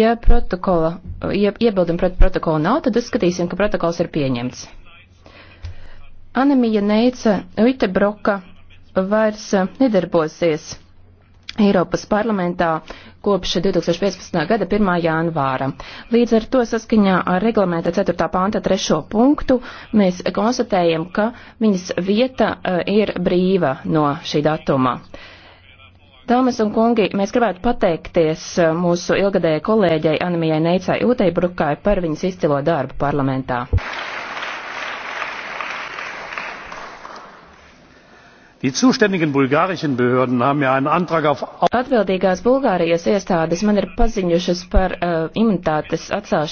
Ja protokola, ja iebildam pret protokolu nav, tad uzskatīsim, ka protokols ir pieņemts. Anemija Neica Vitebroka vairs eh, nedarbosies Eiropas parlamentā kopš 2015. gada 1. janvāra. Līdz ar to saskaņā ar reglamenta 4. panta 3. punktu mēs konstatējam, ka viņas vieta eh, ir brīva no šī datuma. Dāmas un kungi, mēs gribētu pateikties eh, mūsu ilgadējai kolēģei Anamijai Neicai Uteibrukkai par viņas izcilo darbu parlamentā. Die zuständigen bulgarischen Behörden haben ja einen Antrag auf Atbildīgās Bulgārijas iestādes man ir paziņušas par uh, imunitātes atcelšanu.